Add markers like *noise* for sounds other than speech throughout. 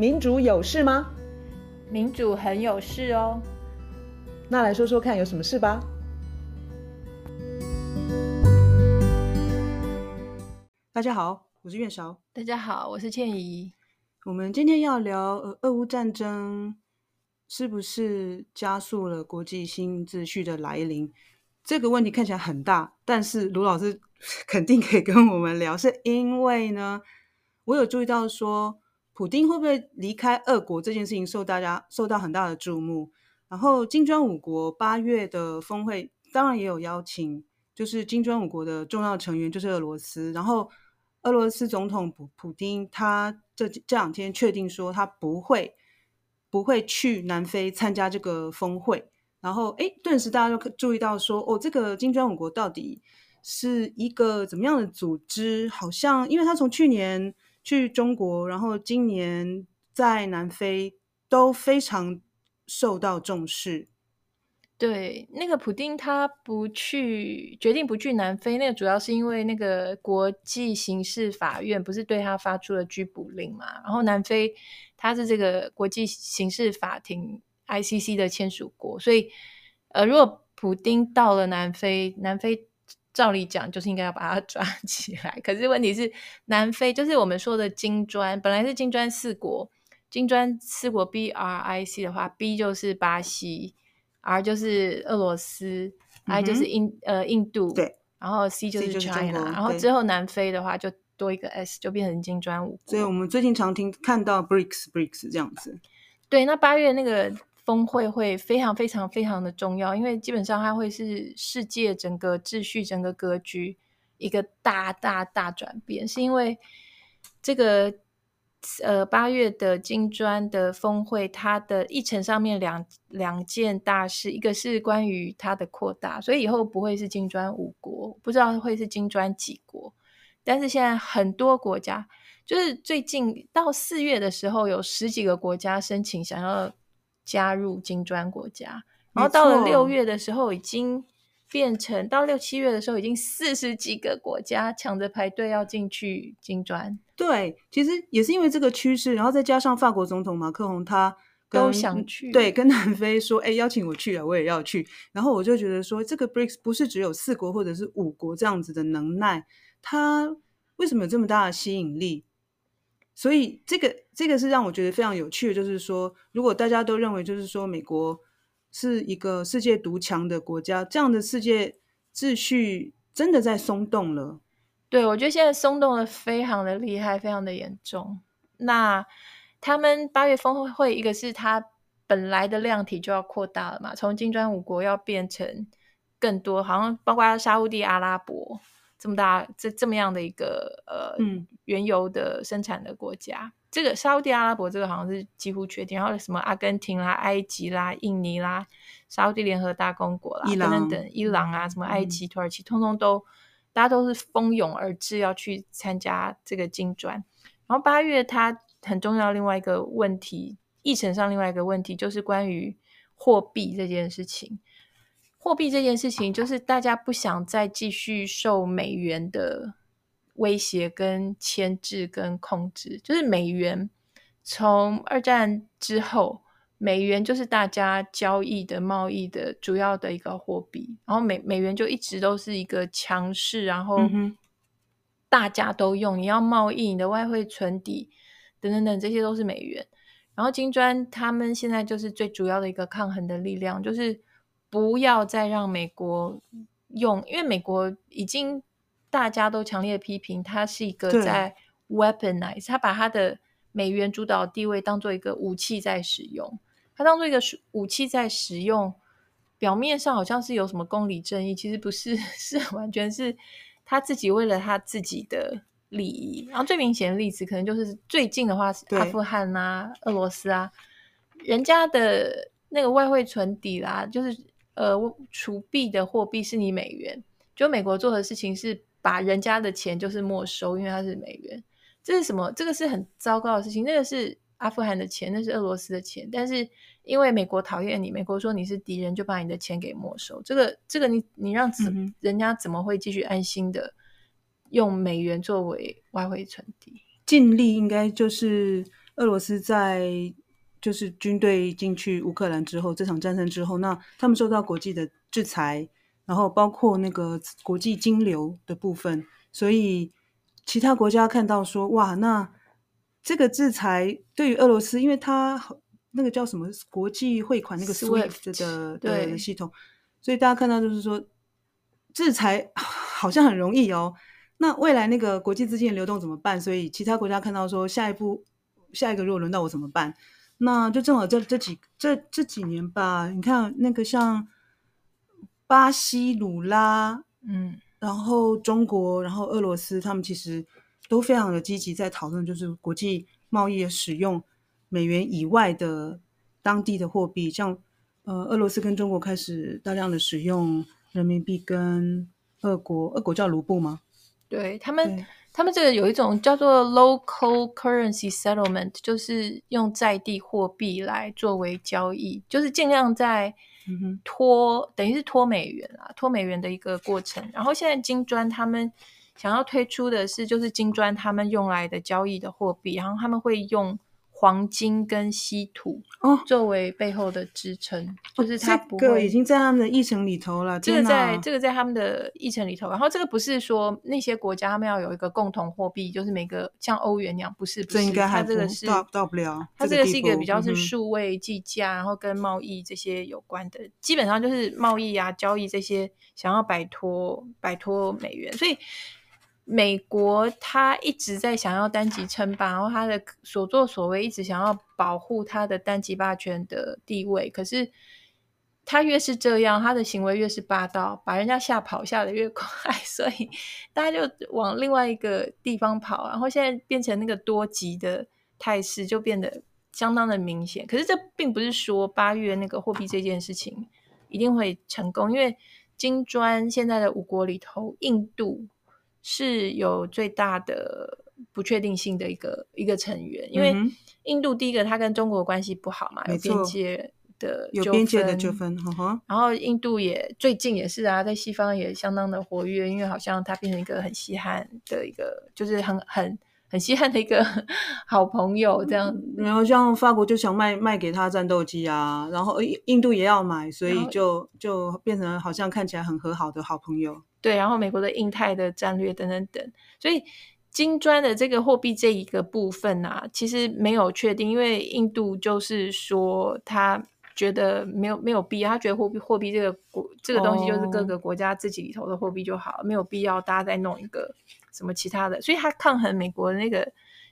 民主有事嗎？民主很有事哦。那來說說看，有什麼事吧？大家好，我是月韶。大家好，我是倩怡。我們今天要聊，呃，俄烏戰爭是不是加速了國際新秩序的來臨？這個問題看起來很大，但是盧老師肯定可以跟我們聊，是因為呢，我有注意到說，普丁會不會離開俄國這件事情受大家受到很大的注目。然後金磚五國八月的峰會當然也有邀請，就是金磚五國的重要成員就是俄羅斯。然後俄羅斯總統普普丁他這這兩天確定說他不會不會去南非參加這個峰會。然後哎，頓時大家就注意到說哦，這個金磚五國到底是一個怎麼樣的組織？好像因為他從去年。去中國，然後今年在南非都非常受到重視。對，那個普丁，他不去，決定不去南非，那個主要是因為那個國際刑事法院不是對他發出了拘捕令嘛？然後南非他是這個國際刑事法庭 （ICC） 的簽署國，所以呃，如果普丁到了南非，南非。照理講，就是應該要把它抓起來。可是問題是，南非就是我們說的金磚，本來是金磚四國，金磚四國 B R I C 的話，B 就是巴西，R 就是俄羅斯，I 就是印、嗯、呃印度，對，然後 C 就是 China，就是然後之後南非的話就多一個 S，就變成金磚五國。所以我們最近常聽看到 BRICS BRICS 這樣子。對，那八月那個。峰會會非常非常非常的重要，因為基本上它會是世界整個秩序、整個格局一個大大大轉變。是因為這個呃八月的金磚的峰會，它的議程上面兩兩件大事，一個是關於它的擴大，所以以以後不會是金磚五國，不知道會是金磚幾國。但是現在很多國家，就是最近到四月的時候，有十幾個國家申請想要。加入金磚國家，然後到了六月的時候，已經變成到六七月的時候，已經四十幾個國家搶着排隊要進去金磚。對，其實也是因為這個趨勢，然後再加上法國總統馬克宏，他都想去，對，跟南非說，哎、欸，邀請我去了、啊，我也要去。然後我就覺得說，這個 BRICS 不是只有四國或者是五國這樣子的能耐，它為什麼有這麼大的吸引力？所以這個。這個是讓我覺得非常有趣的，就是說，如果大家都認為，就是說，美國是一個世界獨強的國家，這樣的世界秩序真的在松動了。對，我覺得現在松動的非常的厲害，非常的嚴重。那他們八月峰會，一個是他本來的量體就要擴大了嘛，從金磚五國要變成更多，好像包括沙烏地阿拉伯，這麼大，這這麼樣的一個呃原油的生產的國家，嗯、這個沙烏地阿拉伯這個好像是幾乎確定，然後什麼阿根廷啦、埃及啦、印尼啦、沙烏地聯合大公國啦、伊朗等等，伊朗啊，什麼埃及、嗯、土耳其，通通都大家都是蜂擁而至要去參加這個金磚。然後八月它很重要，另外一個問題議程上另外一個問題就是關於貨幣這件事情。貨幣這件事情，就是大家不想再繼續受美元的威脅、跟牽制、跟控制。就是美元從二戰之後，美元就是大家交易的、貿易的主要的一個貨幣。然後美美元就一直都是一個強勢，然後大家都用。你要貿易，你的外匯存底等等等等，這些都是美元。然後金磚他們現在就是最主要的一個抗衡的力量，就是。不要再讓美國用，因為美國已經大家都強烈的批評，它是一個在 weaponize，它把它的美元主導地位當做一個武器在使用，它當做一個武器在使用，表面上好像是有什麼公理正義，其實不是，是完全是他自己為了他自己的利益。然後最明顯的例子，可能就是最近的話，是阿富汗啊，俄羅斯啊，人家的那個外匯存底啦、啊，就是。呃，儲幣的貨幣是你美元，就美國做的事情是把人家的錢就是沒收，因為它是美元，這是什麼？這個是很糟糕的事情。那個是阿富汗的錢，那是俄羅斯的錢，但是因為美國討厭你，美國說你是敵人，就把你的錢給沒收。這個這個你，你你讓怎、嗯、人家怎麼會繼續安心的用美元作為外匯存底？盡力應該就是俄羅斯在。就是軍隊進去烏克蘭之後，這場戰爭之後，那他們受到國際的制裁，然後包括那個國際金流的部分，所以其他國家看到說，哇，那這個制裁對於俄羅斯，因為他那個叫什麼國際匯款那個 Swift 的 SWIFT，對，對的系統，所以大家看到就是說，制裁好像很容易哦。那未來那個國際資金的流動怎麼辦？所以其他國家看到說，下一步下一個如果輪到我怎麼辦？那就正好這這幾這這幾年吧，你看那個像巴西、魯拉，嗯，然後中國，然後俄羅斯，他們其實都非常的積極在討論，就是國際貿易使用美元以外的當地的貨幣，像呃，俄羅斯跟中國開始大量的使用人民幣，跟俄國俄國叫盧布嗎？對，他們對。他們這個有一種叫做 local currency settlement，就是用在地貨幣來作為交易，就是盡量在脫、嗯、哼，等於是脫美元啊，脫美元的一個過程。然後現在金磚他們想要推出的是，就是金磚他們用來的交易的貨幣，然後他們會用。黃金跟稀土哦，作為背後的支撐，哦，就是它不會、哦、這個已經在他們的議程裡頭了。這個在、啊，這個在他們的議程裡頭。然後這個不是說那些國家他們要有一個共同貨幣，就是每個像歐元那樣，不是，不是，這應該還不。它這個是到，到不了，它這個是一個比較是數位計價，這個，然後跟貿易這些有關的，嗯、基本上就是貿易啊、交易這些，想要擺脫擺脫美元，所以。美國他一直在想要單極稱霸，然後他的所作所為一直想要保護他的單極霸權的地位。可是他越是這樣，他的行為越是霸道，把人家嚇跑，嚇得越快，所以大家就往另外一個地方跑。然後現在變成那個多極的態勢，就變得相當的明顯。可是這並不是說八月那個貨幣這件事情一定會成功，因為金磚現在的五國裡頭，印度。是有最大的不確定性的一個一個成員，因為印度第一個，它跟中國關係不好嘛，有邊界的，有邊界的糾紛，然後印度也最近也是啊，在西方也相當的活躍，因為好像它變成一個很稀罕的一個，就是很很。很稀罕的一個好朋友，這樣然後、嗯、像法國就想賣賣給他戰鬥機啊，然後印度也要買，所以就就變成好像看起來很和好的好朋友。對，然後美國的印太的戰略等等等，所以金磚的這個貨幣這一個部分啊，其實沒有確定，因為印度就是說他覺得沒有沒有必要，他覺得貨幣貨幣這個國這個東西就是各個國家自己裡頭的貨幣就好，哦、沒有必要大家再弄一個。什麼其他的？所以他抗衡美國的那個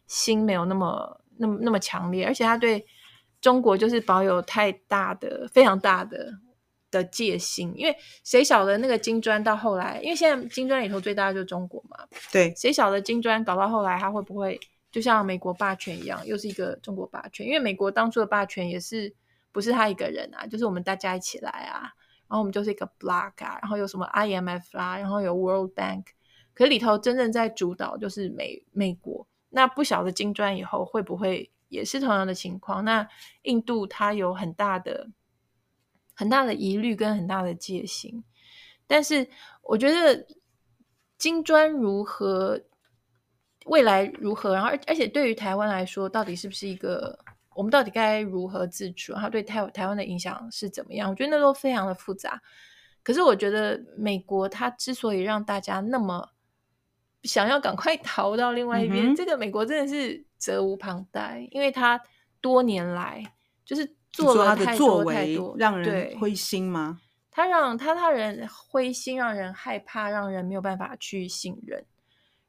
心沒有那麼、那麼、那麼強烈，而且他對中國就是保有太大的、非常大的的戒心。因為誰曉得那個金磚到後來？因為現在金磚裡頭最大的就是中國嘛。對，誰曉得金磚搞到後來，他會不會就像美國霸權一樣，又是一個中國霸權？因為美國當初的霸權也是不是他一個人啊，就是我們大家一起來啊，然後我們就是一個 block 啊，然後有什麼 IMF 啊，然後有 World Bank 啊。可是裡頭真正在主導就是美美國，那不曉得金磚以後會不會也是同樣的情況？那印度它有很大的、很大的疑慮跟很大的戒心。但是我覺得金磚如何，未來如何，然後而而且，對於台灣來說，到底是不是一個我們到底該如何自處？然後對台台灣的影響是怎麼樣？我覺得那都非常的複雜。可是我覺得美國它之所以讓大家那麼。想要趕快逃到另外一邊，嗯，這個美國真的是責無旁貸，因為他多年來就是做了太多，他的作為，太多，讓人灰心嗎？他讓他他人灰心，讓人害怕，讓人沒有辦法去信任。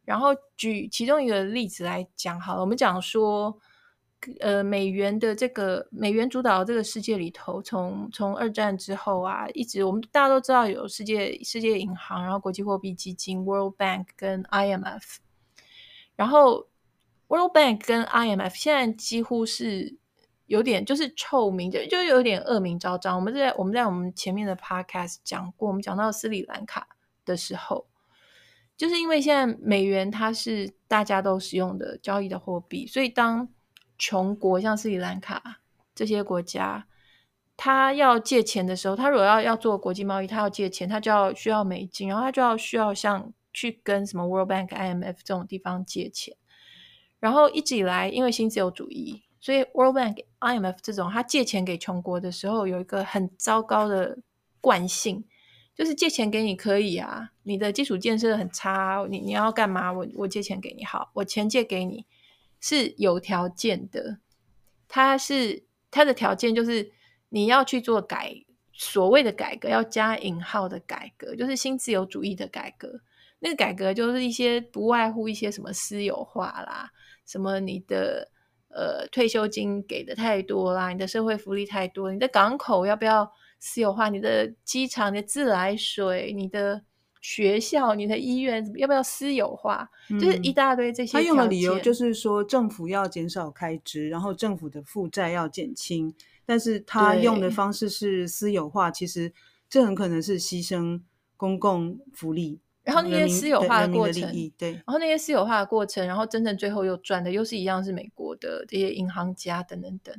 然後舉其中一個例子來講好了，我們講說。呃，美元的這個美元主導的這個世界裡頭，從從二戰之後啊，一直我們大家都知道有世界世界銀行，然後國際貨幣基金 World Bank 跟 IMF，然後 World Bank 跟 IMF 現在幾乎是有點就是臭名，就就有點惡名昭彰。我們在我們在我們前面的 Podcast 講過，我們講到斯里蘭卡的時候，就是因為現在美元它是大家都使用的交易的貨幣，所以當窮國像斯里蘭卡這些國家，他要借錢的時候，他如果要要做國際貿易，他要借錢，他就要需要美金，然後他就要需要像去跟什麼 World Bank、IMF 這種地方借錢。然後一直以來，因爲新自由主義，所以 World Bank、IMF 這種他借錢給窮國的時候，有一個很糟糕的慣性，就是借錢給你可以啊，你的基礎建設很差，你你要幹嘛？我我借錢給你好，我錢借給你。是有條件的，它是它的條件就是你要去做改所謂的改革，要加引號的改革，就是新自由主義的改革。那個改革就是一些不外乎一些什麼私有化啦，什麼你的呃退休金給的太多啦，你的社會福利太多，你的港口要不要私有化，你的機場、你的自來水、你的。學校、你的醫院要不要私有化？嗯，就是一大堆這些。他用的理由就是說，政府要減少開支，然後政府的負債要減輕。但是他用的方式是私有化，其實這很可能是犧牲公共福利。然後那些私有化的過程，對，然後那些私有化的過程，然後真正最後又賺的又是一樣，是美國的這些銀行家等等等。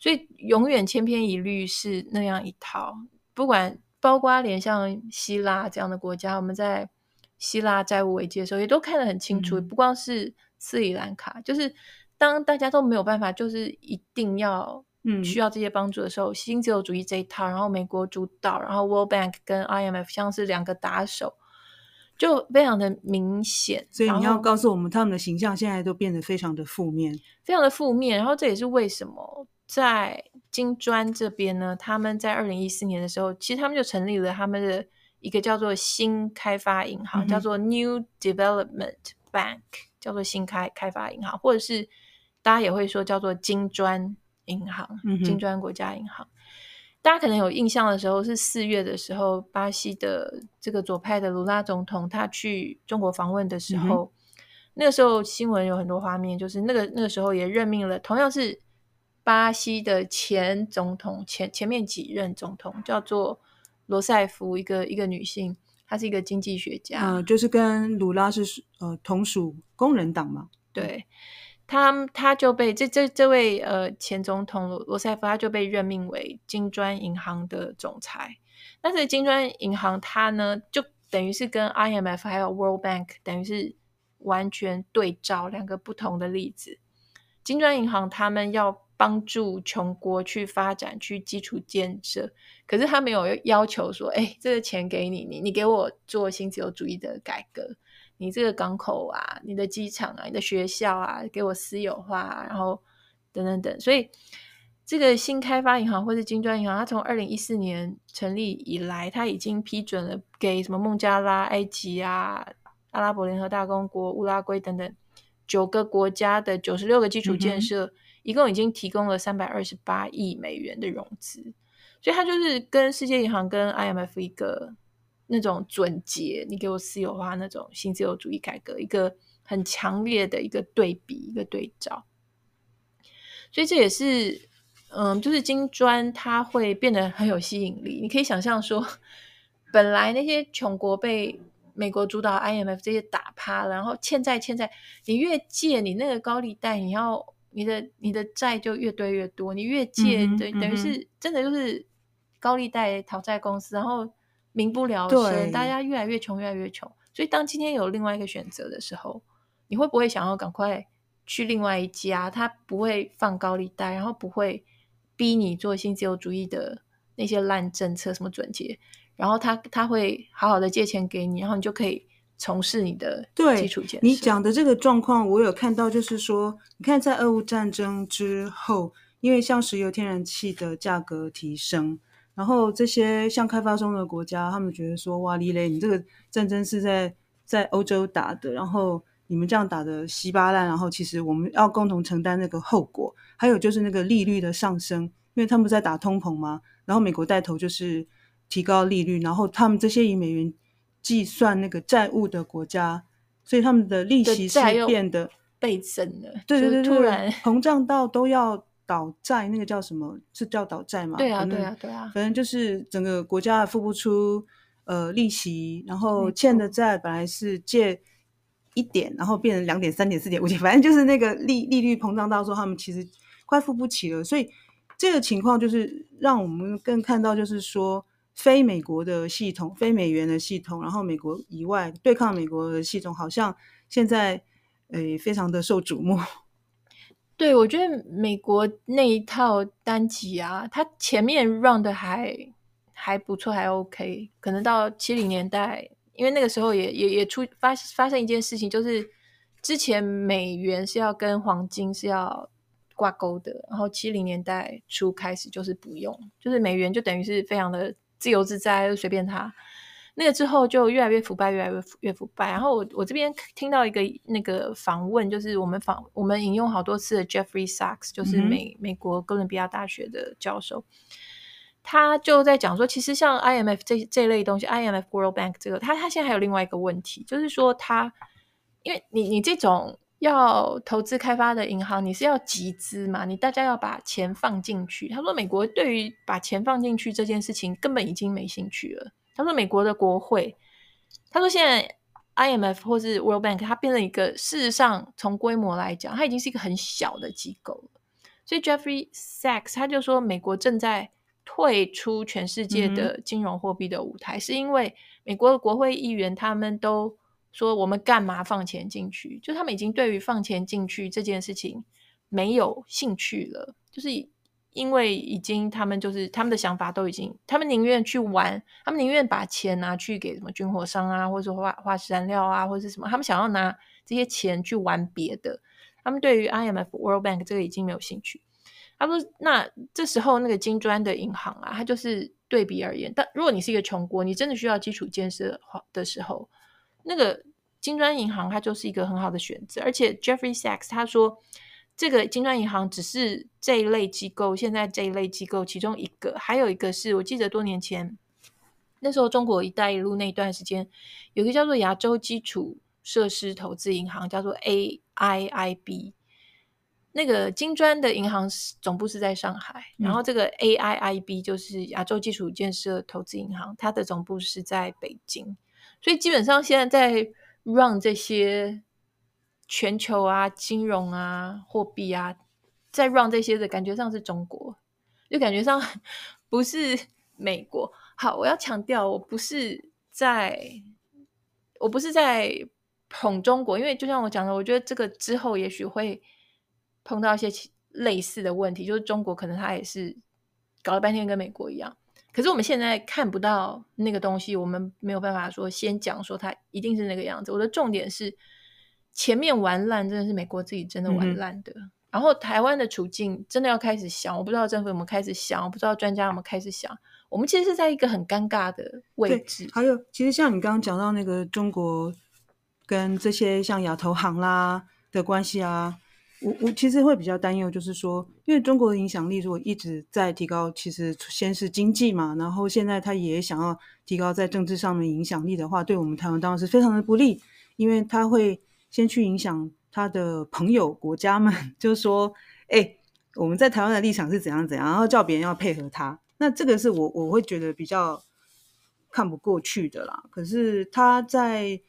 所以永遠千篇一律是那樣一套，不管。包括連像希臘這樣的國家，我們在希臘債務危機的時候，也都看得很清楚。嗯、不光是斯里蘭卡，就是當大家都沒有辦法，就是一定要需要這些幫助的時候，嗯，新自由主義這一套，然後美國主導，然後 World Bank 跟 IMF，像是兩個打手，就非常的明顯。所以你要告訴我們，他們的形象現在都變得非常的負面，非常的負面。然後這也是為什麼在。金磚這邊呢，他們在二零一四年的時候，其實他們就成立了他們的一個叫做新開發銀行、嗯，叫做 New Development Bank，叫做新開開發銀行，或者是大家也會說叫做金磚銀行，嗯、金磚國家銀行。大家可能有印象的時候是四月的時候，巴西的這個左派的盧拉總統他去中國訪問的時候，嗯、那個時候新聞有很多畫面，就是那個那個時候也任命了同樣是。巴西的前總統，前前面幾任總統叫做羅塞芙，一個一個女性，她是一個經濟學家，啊、呃，就是跟魯拉是呃同屬工人黨嘛。對，他他就被這這這位呃前總統羅羅塞芙，他就被任命為金磚銀行的總裁。但是金磚銀行他呢，就等於是跟 IMF 還有 World Bank 等於是完全對照兩個不同的例子。金磚銀行他們要幫助窮國去發展、去基礎建設，可是他沒有要求說：“哎，這個錢給你，你你給我做新自由主義的改革，你這個港口啊、你的機場啊、你的學校啊，給我私有化啊，然後等等等。”所以，這個新開發銀行或是金磚銀行，它從二零一四年成立以來，它已經批准了給什麼孟加拉、埃及啊、阿拉伯聯合大公國、烏拉圭等等九個國家的九十六個基礎建設。嗯一共已經提供了三百二十八億美元的融資，所以它就是跟世界銀行、跟 IMF 一個那種撙節，你給我私有化那種新自由主義改革一個很強烈的一個對比、一個對照。所以這也是，嗯，就是金磚它會變得很有吸引力。你可以想象說，本來那些窮國被美國主導 IMF 這些打趴了，然後欠債欠債，你越借你那個高利貸你要。你的你的債就越堆越多，你越借，嗯、對，等於是、嗯、真的就是高利貸、討債公司，然後民不聊生，對，大家越來越窮，越來越窮。所以當今天有另外一個選擇的時候，你會不會想要趕快去另外一家，他不會放高利貸，然後不會逼你做新自由主義的那些爛政策，什麼撙節，然後他他會好好的借錢給你，然後你就可以。從事你的對，基礎建設。你講的這個狀況，我有看到，就是說，你看在俄烏戰爭之後，因為像石油、天然氣的價格提升，然後這些像開發中的國家，他們覺得說：“哇，李磊，你這個戰爭是在在歐洲打的，然後你們這樣打的稀巴爛，然後其實我們要共同承擔那個後果。”還有就是那個利率的上升，因為他們是在打通膨嘛，然後美國帶頭就是提高利率，然後他們這些以美元。計算那個債務的國家，所以他們的利息是變得倍增了。對對對，對，對，突然膨脹到都要倒債，那個叫什麼？是叫倒債嗎？對啊對啊對啊，反正、啊、就是整個國家付不出呃利息，然後欠的債本來是借一點，嗯、然後變成兩點三點四點五點，反正就是那個利利率膨脹到說他們其實快付不起了。所以這個情況就是讓我們更看到，就是說。非美國的系統、非美元的系統，然後美國以外對抗美國的系統，好像現在誒、欸、非常的受矚目。對，我覺得美國那一套單極啊，它前面 round 的還還不錯，還 OK。可能到七零年代，因為那個時候也也也出發發生一件事情，就是之前美元是要跟黃金是要掛鈎的，然後七零年代初開始就是不用，就是美元就等於是非常的。自由自在，就隨便他。那個之後就越來越腐敗，越來越越腐敗。然後我我這邊聽到一個那個訪問，就是我們訪我們引用好多次的 Jeffrey Sachs，就是美美國哥倫比亞大學的教授，mm -hmm. 他就在講說，其實像 IMF 這這類東西，IMF World Bank 這個，他他現在還有另外一個問題，就是說他因為你你這種。要投資開發的銀行，你是要集資嘛？你大家要把錢放進去。他說，美國對於把錢放進去這件事情，根本已經沒興趣了。他說，美國的國會，他說現在 IMF 或是 World Bank，它變了一個事實上從規模來講，它已經是一個很小的機構了。所以 Jeffrey Sachs 他就說，美國正在退出全世界的金融貨幣的舞台，嗯，是因為美國的國會議員他們都。說我們幹嘛放錢進去？就他們已經對於放錢進去這件事情沒有興趣了，就是因為已經他們就是他們的想法都已經，他們寧願去玩，他們寧願把錢拿去給什麼軍火商啊，或者說化，化石燃料啊，或者是什麼，他們想要拿這些錢去玩別的。他們對於 IMF、World Bank 這個已經沒有興趣。他說：“那這時候那個金磚的銀行啊，它就是對比而言，但如果你是一個窮國，你真的需要基礎建設的時候。”那個金磚銀行，它就是一個很好的選擇，而且 Jeffrey Sachs 他說，這個金磚銀行只是這一類機構，現在這一類機構其中一個，還有一個是我記得多年前，那時候中國“一帶一路”那一段時間，有一個叫做亞洲基礎設施投資銀行，叫做 AIIB。那個金磚的銀行總部是在上海，然後這個 AIIB 就是亞洲基礎建設投資銀行，它的總部是在北京。所以基本上現在在 run 這些全球啊、金融啊、貨幣啊，在 run 這些的感覺上是中國，就感覺上不是美國。好，我要強調，我不是在，我不是在捧中國，因為就像我講的，我覺得這個之後也許會碰到一些類似的問題，就是中國可能它也是搞了半天跟美國一樣。可是我們現在看不到那個東西，我們沒有辦法說先講說它一定是那個樣子。我的重點是，前面玩爛真的是美國自己真的玩爛的，嗯，然後台灣的處境真的要開始想，我不知道政府有沒有開始想，我不知道專家有沒有開始想。我們其實是在一個很尷尬的位置。還有，其實像你剛剛講到那個中國跟這些像亞投行啦的關係啊。我我其實會比較擔憂，就是說，因為中國的影響力如果一直在提高，其實先是經濟嘛，然後現在他也想要提高在政治上面影響力的話，對我們台灣當然是非常的不利，因為他會先去影響他的朋友國家們，就是說，哎，我們在台灣的立場是怎樣怎樣，然後叫別人要配合他，那這個是我我會覺得比較看不過去的啦。可是他在。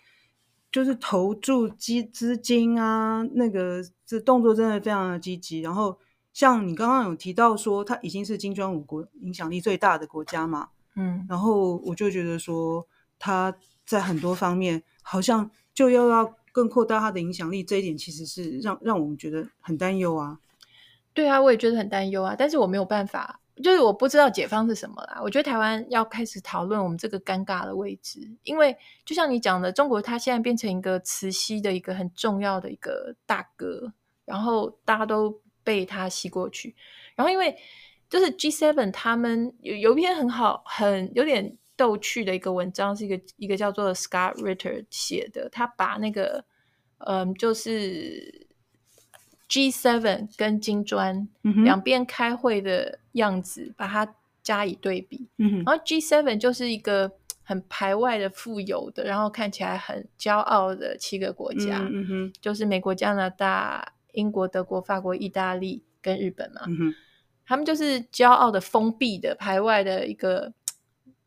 就是投注資資金啊，那個這動作真的非常的積極。然後像你剛剛有提到說，它已經是金磚五國影響力最大的國家嘛，嗯。然後我就覺得說，它在很多方面好像就又要更擴大它的影響力，這一點其實是讓讓我們覺得很擔憂啊。對啊，我也覺得很擔憂啊，但是我沒有辦法。就是我不知道解方是什麼啦，我覺得台灣要開始討論我們這個尷尬的位置，因為就像你講的，中國它現在變成一個磁吸的一個很重要的一個大哥，然後大家都被他吸過去，然後因為就是 G Seven 他們有有一篇很好，很有點逗趣的一個文章，是一個一個叫做 Scott Ritter 寫的，他把那個嗯，就是。G7 跟金磚、嗯、兩邊開會的樣子，把它加以對比。嗯、然後 G7 就是一個很排外的、富有的，然後看起來很驕傲的七個國家、嗯嗯，就是美國、加拿大、英國、德國、法國、意大利跟日本嘛、嗯。他們就是驕傲的、封閉的、排外的一個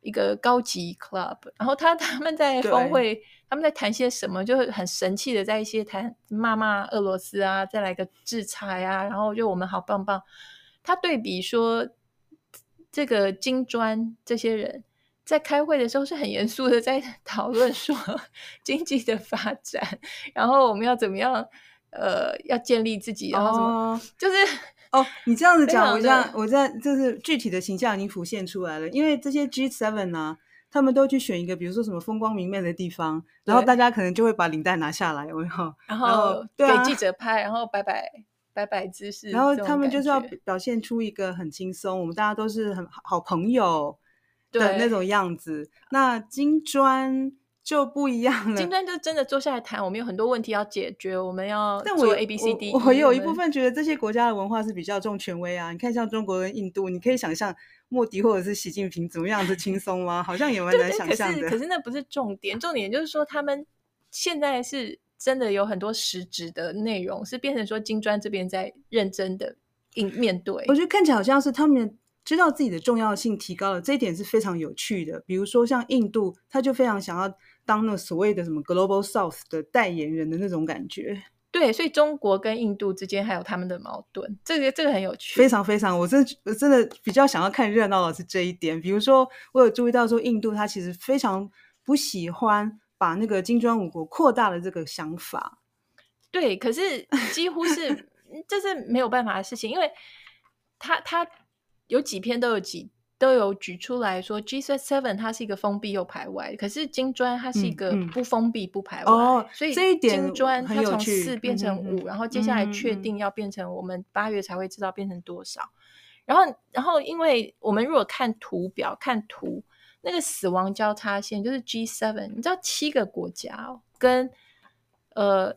一個高級 club。然後他他們在峰會。他們在談些什麼？就是很神氣的，在一些談罵罵俄羅斯啊，再來個制裁啊，然後就我們好棒棒。他對比說，這個金磚這些人，在開會的時候是很嚴肅的，在討論說經濟的發展，然後我們要怎麼樣，呃，要建立自己，然後怎麼、哦，就是哦，你這樣子講，我在我在就是具體的形象已經浮現出來了，因為這些 G seven 呢。他們都去選一個，比如說什麼風光明媚的地方，然後大家可能就會把領帶拿下來，有沒有然後，然後對啊，給記者拍，然後擺擺，擺擺姿勢。然後他們就是要表現出一個很輕鬆，我們大家都是很好朋友的那種樣子。那金磚就不一樣了，金磚就真的坐下來談，我們有很多問題要解決，我們要。但我 A B C D，我,我有一部分覺得這些國家的文化是比較重權威啊。你看，像中國跟印度，你可以想象。莫迪或者是習近平怎麼樣是輕鬆嗎？好像也蠻難想象的。對對，可是可是那不是重點，重點就是說他們現在是真的有很多實質的內容，是變成說金磚這邊在認真的應面對。我覺得看起來好像是他們知道自己的重要性提高了，這一點是非常有趣的。比如說像印度，他就非常想要當那所謂的什麼 “Global South” 的代言人的那種感覺。對，所以中國跟印度之間還有他們的矛盾，這個這個很有趣，非常非常，我真的我真的比較想要看熱鬧的是這一點。比如說，我有注意到說，印度他其實非常不喜歡把那個金磚五國擴大的這個想法。對，可是幾乎是 *laughs* 這是沒有辦法的事情，因為他他有幾篇都有幾。都有舉出來說，G seven 它是一個封閉又排外，可是金磚它是一個不封閉不排外，嗯嗯、所以一金磚它從四變成五、嗯嗯，然後接下來確定要變成我們八月才會知道變成多少，嗯嗯、然後然後因為我們如果看圖表看圖那個死亡交叉線就是 G seven，你知道七個國家、哦、跟呃。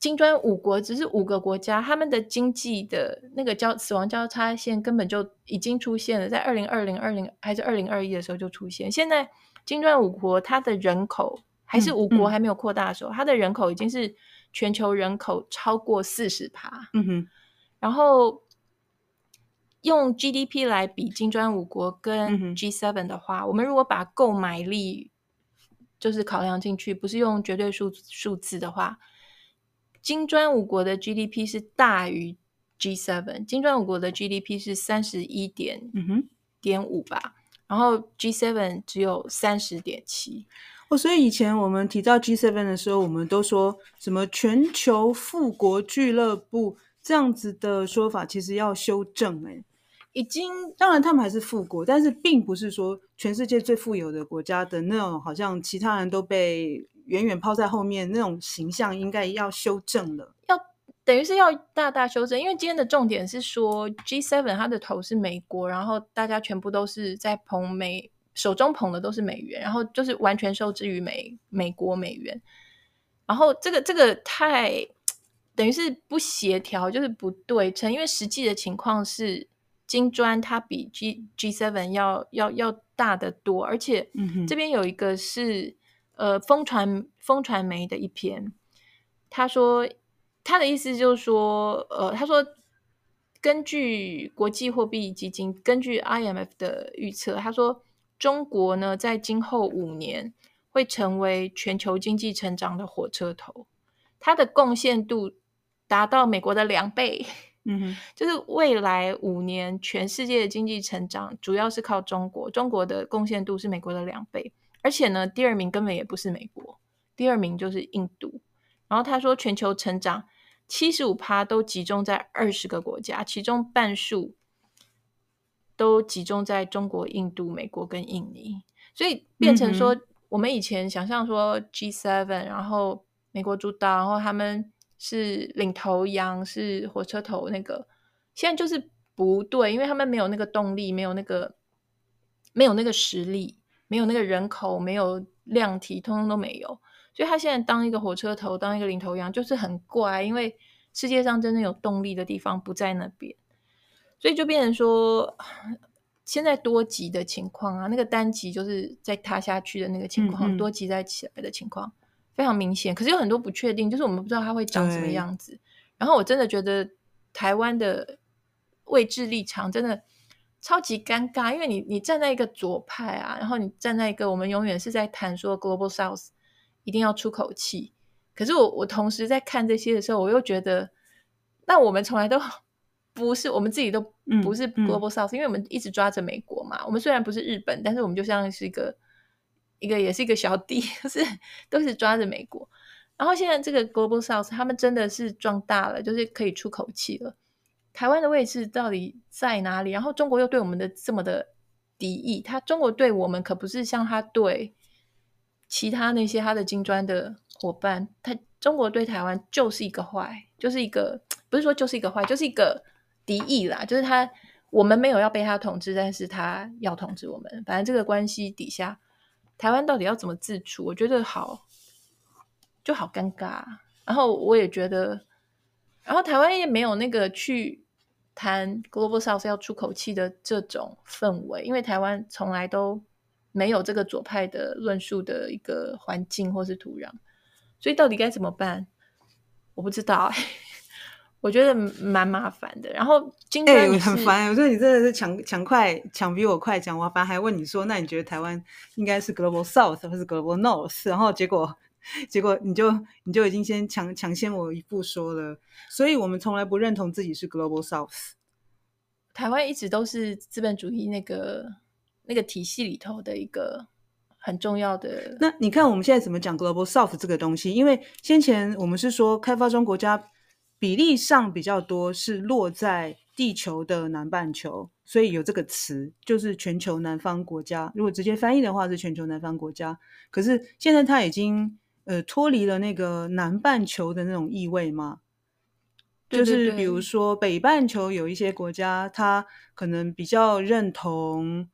金磚五國只是五個國家，他們的經濟的那個交，死亡交叉線根本就已經出現了，在二零二零二零還是二零二一的時候就出現。現在金磚五國，它的人口還是五國還沒有擴大的時候、嗯嗯，它的人口已經是全球人口超過四十趴。嗯哼。然後用 GDP 來比金磚五國跟 G7 的話、嗯，我們如果把購買力就是考量進去，不是用絕對數，數字的話。金磚五國的 GDP 是大於 G7，金磚五國的 GDP 是三十一點點五吧，嗯哼，然後 G7 只有三十點七。哦，所以以前我們提到 G7 的時候，我們都說什麼“全球富國俱樂部”這樣子的說法，其實要修正，欸。哎，已經當然他們還是富國，但是並不是說全世界最富有的國家的那種，好像其他人都被。遠遠拋在後面，那種形象應該要修正了。要等於是要大大修正，因為今天的重點是說 G Seven 它的頭是美國，然後大家全部都是在捧美，手中捧的都是美元，然後就是完全受制於美美國美元。然後這個這個太等於是不協調，就是不對稱，因為實際的情況是金磚它比 G G Seven 要要要大得多，而且這邊有一個是。嗯呃，風傳風傳媒的一篇，他說，他的意思就是說，呃，他說，根據國際貨幣基金，根據 IMF 的預測，他說，中國呢，在今後五年會成為全球經濟成長的火車頭，它的貢獻度達到美國的兩倍，嗯哼，就是未來五年全世界的經濟成長主要是靠中國，中國的貢獻度是美國的兩倍。而且呢，第二名根本也不是美國，第二名就是印度。然後他說，全球成長七十五趴都集中在二十個國家，其中半數都集中在中國、印度、美國跟印尼。所以變成說，嗯、我們以前想象說 G seven，然後美國主導，然後他們是領頭羊，是火車頭那個，現在就是不對，因為他們沒有那個動力，沒有那個，沒有那個實力。沒有那個人口，沒有量體，通通都沒有。所以他現在當一個火車頭，當一個領頭羊，就是很怪。因為世界上真正有動力的地方不在那邊，所以就變成說，現在多極的情況啊，那個單極就是在塌下去的那個情況，嗯、多極在起來的情況非常明顯。可是有很多不確定，就是我們不知道它會長什麼樣子。然後我真的覺得台灣的位置立場真的。超級尷尬，因為你你站在一個左派啊，然後你站在一個我們永遠是在談說 Global South 一定要出口氣，可是我我同時在看這些的時候，我又覺得，那我們從來都不是我們自己都不是 Global South，、嗯嗯、因為我們一直抓着美國嘛。我們雖然不是日本，但是我們就像是一個一個也是一個小弟，就是都是抓着美國。然後現在這個 Global South 他們真的是壯大了，就是可以出口氣了。台灣的位置到底在哪裡？然後中國又對我們的這麼的敵意，他中國對我們可不是像他對其他那些他的金磚的夥伴，他中國對台灣就是一個壞，就是一個不是說就是一個壞，就是一個敵意啦。就是他我們沒有要被他統治，但是他要統治我們。反正這個關係底下，台灣到底要怎麼自處？我覺得好，就好尷尬。然後我也覺得。然後台灣也沒有那個去談 global south 要出口氣的這種氛圍，因為台灣從來都沒有這個左派的論述的一個環境或是土壤，所以到底該怎麼辦？我不知道、哎，我覺得蠻麻煩的。然後今天你、欸、很煩，我覺得你真的是搶搶快搶比我快，搶我煩，還問你說，那你覺得台灣應該是 global south 還是 global north？是然後結果。結果你就你就已經先搶搶先我一步說了，所以我們從來不認同自己是 Global South，台灣一直都是資本主義那個那個體系裡頭的一個很重要的。那你看我們現在怎麼講 Global South 這個東西？因為先前我們是說開發中國家比例上比較多，是落在地球的南半球，所以有這個詞就是全球南方國家。如果直接翻譯的話是全球南方國家，可是現在它已經。呃，脫離了那個南半球的那種意味嗎？對對對，就是比如說北半球有一些國家，它可能比較認同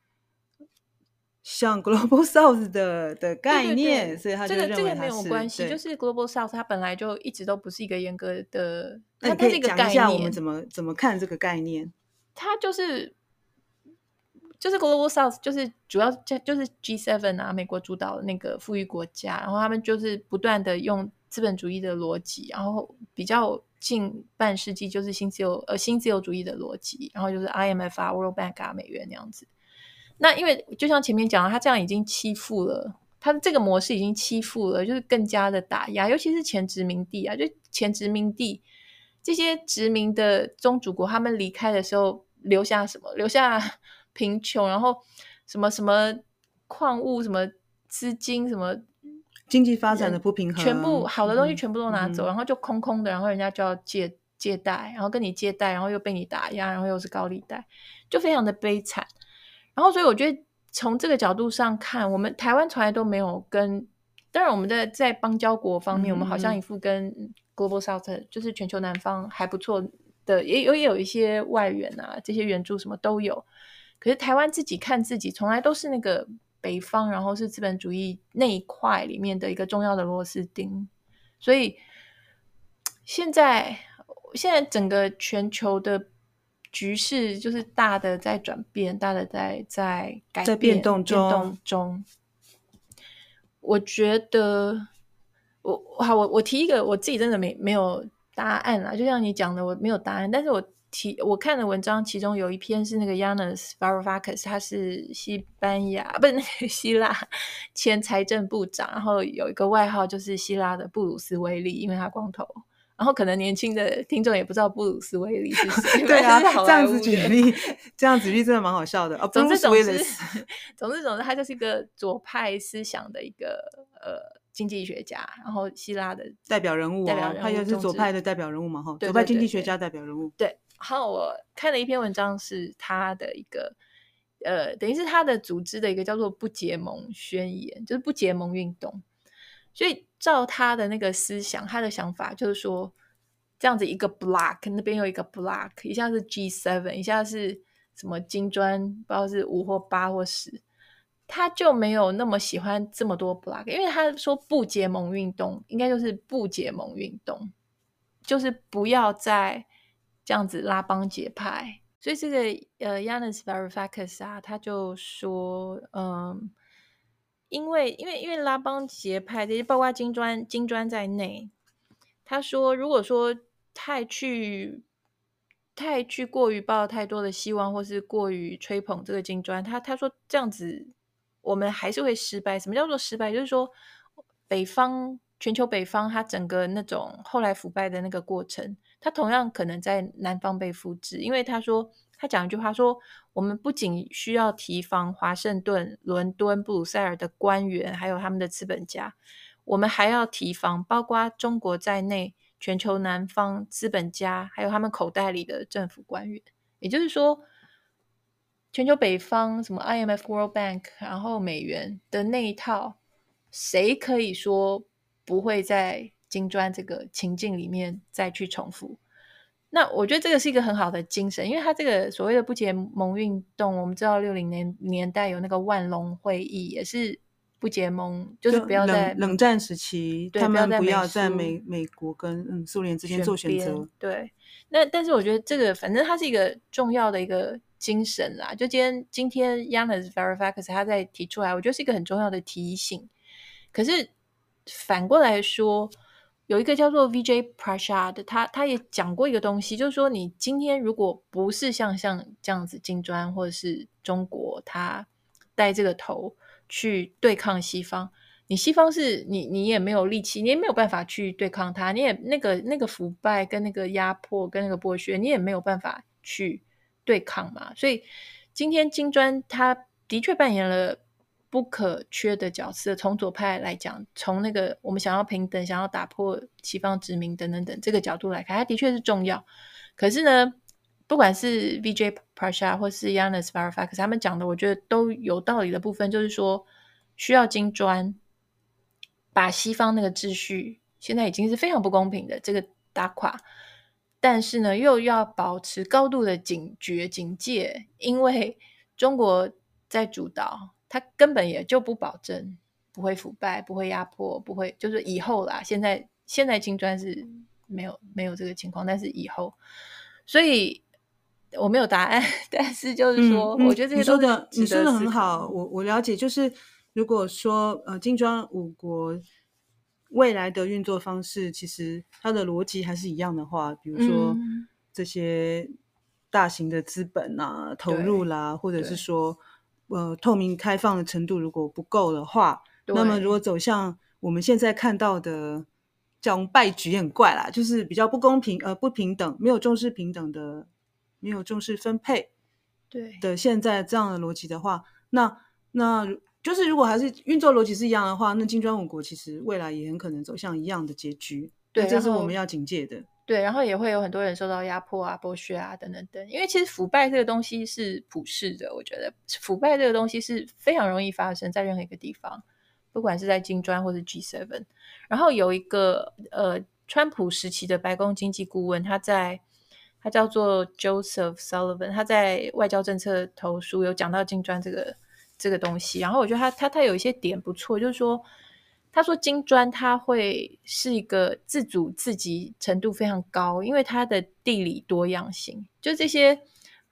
像 global south 的的概念，對對對，所以它就認為它這個這個沒有關係，就是 global south 它本來就一直都不是一個嚴格的，你、嗯、可以講一下我們怎麼怎麼看這個概念，它就是。就是 Global South，就是主要就是 G7 啊，美國主導的那個富裕國家，然後他們就是不斷的用資本主義的邏輯，然後比較近半世紀就是新自由呃新自由主義的邏輯，然後就是 IMF 啊，World Bank 啊，美元那樣子。那因為就像前面講的，他這樣已經欺負了，他這個模式已經欺負了，就是更加的打壓，尤其是前殖民地啊，就前殖民地這些殖民的宗主國，他們離開的時候留下什麼？留下。貧窮，然後什麼什麼礦物、什麼資金、什麼經濟發展的不平衡，全部好的東西全部都拿走，嗯嗯、然後就空空的，然後人家就要借借貸，然後跟你借貸，然後又被你打壓，然後又是高利貸，就非常的悲慘。然後所以我覺得從這個角度上看，我們台灣從來都沒有跟，當然我們在在邦交國方面、嗯，我們好像一副跟 Global South 就是全球南方還不錯的，也有也有一些外援啊，這些援助什麼都有。可是台灣自己看自己，從來都是那個北方，然後是資本主義那一塊裡面的一個重要的螺絲釘。所以現在，現在整個全球的局勢就是大的在轉變，大的在在改變，在變、變動中。我覺得，我好，我我提一個，我自己真的沒沒有答案了。就像你講的，我沒有答案，但是我。其我看的文章，其中有一篇是那個 Yanis Varoufakis，他是西班牙不是希臘前財政部長，然後有一個外號就是希臘的布魯斯威利，因為他光頭。然後可能年輕的聽眾也不知道布魯斯威利是誰？對啊，這樣子舉例，這樣子，真的蠻好笑的啊、哦。總之、哦，總之，總之，總之，他就是一個左派思想的一個呃經濟學家，然後希臘的代表人物、哦，代表人就是左派的代表人物嘛？哈、哦，左派經濟學家代表人物，對，對，對，對，對，對。然後我看了一篇文章，是他的一個呃，等於是他的組織的一個叫做不結盟宣言，就是不結盟運動。所以照他的那個思想，他的想法就是說，這樣子一個 block 那邊有一個 block，一下是 G seven，一下是什麼金磚，不知道是五或八或十，他就沒有那麼喜歡這麼多 block，因為他說不結盟運動應該就是不結盟運動，就是不要再。這樣子拉幫結派，所以這個呃，Yanis Varoufakis 啊，他就說，嗯，因為因為因為拉幫結派，這些包括金磚金磚在內，他說，如果說太去太去過於抱太多的希望，或是過於吹捧這個金磚，他他說這樣子，我們還是會失敗。什麼叫做失敗？就是說，北方全球北方，它整個那種後來腐敗的那個過程。他同樣可能在南方被複製，因為他說他講一句話說：我們不僅需要提防華盛頓、倫敦、布魯塞爾的官員，還有他們的資本家，我們還要提防包括中國在內全球南方資本家，還有他們口袋裡的政府官員。也就是說，全球北方什麼 IMF、World Bank，然後美元的那一套，誰可以說不會在？金磚這個情境裡面再去重複，那我覺得這個是一個很好的精神，因為他這個所謂的不結盟運動，我們知道六零年年代有那個萬隆會議，也是不結盟，就是不要在冷戰時期對，他們不要在美要在美，美國跟嗯蘇聯之間做選擇。對，那但是我覺得這個反正它是一個重要的一個精神啦。就今天今天 Yanis Varoufakis 他在提出來，我覺得是一個很重要的提醒。可是反過來說。有一個叫做 VJ Prashad，他他也講過一個東西，就是說，你今天如果不是像像這樣子金磚或者是中國，他帶這個頭去對抗西方，你西方是你你也沒有力氣，你也沒有辦法去對抗他，你也那個那個腐敗跟那個壓迫跟那個剝削，你也沒有辦法去對抗嘛。所以今天金磚它的確扮演了。不可缺的角色，從左派來講，從那個我們想要平等、想要打破西方殖民等等等這個角度來看，它的確是重要。可是呢，不管是 Vijay Prashad 或是 Yanis Varoufakis，可是他們講的，我覺得都有道理的部分，就是說需要金磚把西方那個秩序現在已經是非常不公平的這個打垮，但是呢，又要保持高度的警覺、警戒，因為中國在主導。他根本也就不保證不會腐敗、不會壓迫、不會就是以後啦。現在現在金磚是沒有沒有這個情況，但是以後，所以我沒有答案。但是就是說，嗯嗯、我覺得這個說的值得你說的很好。我我了解，就是如果說呃金磚五國未來的運作方式，其實它的邏輯還是一樣的話，比如說、嗯、這些大型的資本啊、投入啦，或者是說。呃，透明開放的程度如果不夠的話，那麼如果走向我們現在看到的這種敗局也很怪啦，就是比較不公平，呃，不平等，沒有重視平等的，沒有重視分配，對的，現在這樣的邏輯的話，那那就是如果還是運作邏輯是一樣的話，那金磚五國其實未來也很可能走向一樣的結局，對啊，這是我們要警戒的。對，然後也會有很多人受到壓迫啊、剝削啊等等等。因為其實腐敗這個東西是普世的，我覺得腐敗這個東西是非常容易發生在任何一個地方，不管是在金磚或是 G7。然後有一個呃，川普時期的白宮經濟顧問，他在他叫做 Joseph Sullivan，他在外交政策投書有講到金磚這個這個東西。然後我覺得他他他有一些點不錯，就是說。他說：“金磚，它會是一個自主自給程度非常高，因為它的地理多樣性。就這些，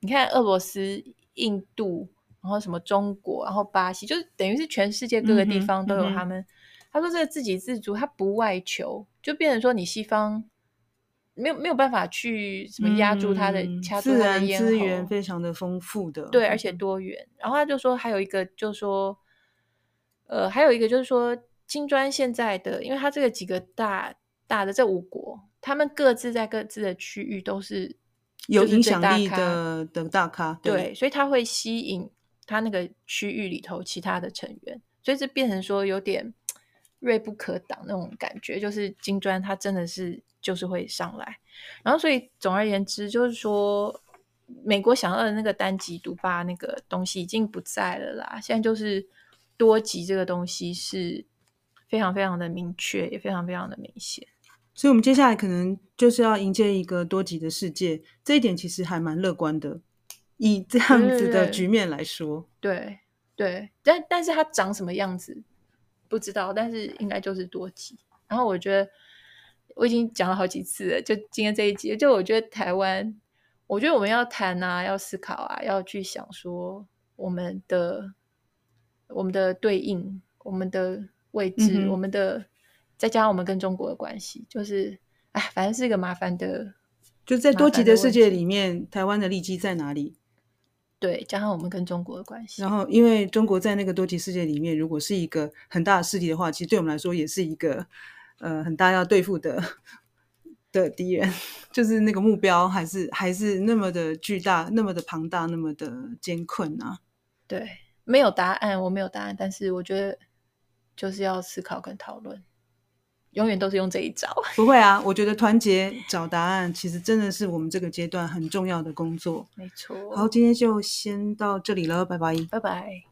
你看俄羅斯、印度，然後什麼中國，然後巴西，就是等於是全世界各個地方都有他們。嗯嗯、他說這個自給自足，他不外求，就變成說你西方沒有沒有辦法去什麼壓住他的，掐住他的咽喉，資源非常的豐富的，對，而且多元。然後他就說還有一個，就說，呃，還有一個就是說。”金磚現在的，因為它這個幾個大大的這五國，他們各自在各自的區域都是，是有影響力的的大咖，對，對，所以他會吸引他那個區域裡頭其他的成員，所以這變成說有點銳不可擋那種感覺，就是金磚它真的是就是會上來，然後所以總而言之就是說，美國想要的那個單極獨霸那個東西已經不在了啦，現在就是多極這個東西是。非常非常的明確，也非常非常的明顯，所以我們接下來可能就是要迎接一個多極的世界。這一點其實還蠻樂觀的，以這樣子的局面來說，對對，對，對，對。但但是它長什麼樣子不知道，但是應該就是多極。然後我覺得我已經講了好幾次了，就今天這一集，就我覺得台灣，我覺得我們要談啊，要思考啊，要去想說我們的我們的對應，我們的。位置，嗯，我們的再加上我們跟中國的關係，就是哎，反正是一個麻煩的。就在多極的世界裡面，台灣的利基在哪裡？對，加上我們跟中國的關係。然後，因為中國在那個多極世界裡面，如果是一個很大的勢力的話，其實對我們來說也是一個呃很大要對付的的敵人。就是那個目標還是還是那麼的巨大，那麼的龐大，那麼的艱困啊。對，沒有答案，我沒有答案，但是我覺得。就是要思考跟討論，永遠都是用這一招。 *laughs* 不會啊，我覺得團結找答案，其實真的是我們這個階段很重要的工作。沒錯。好，今天就先到這裡了，拜拜，拜拜。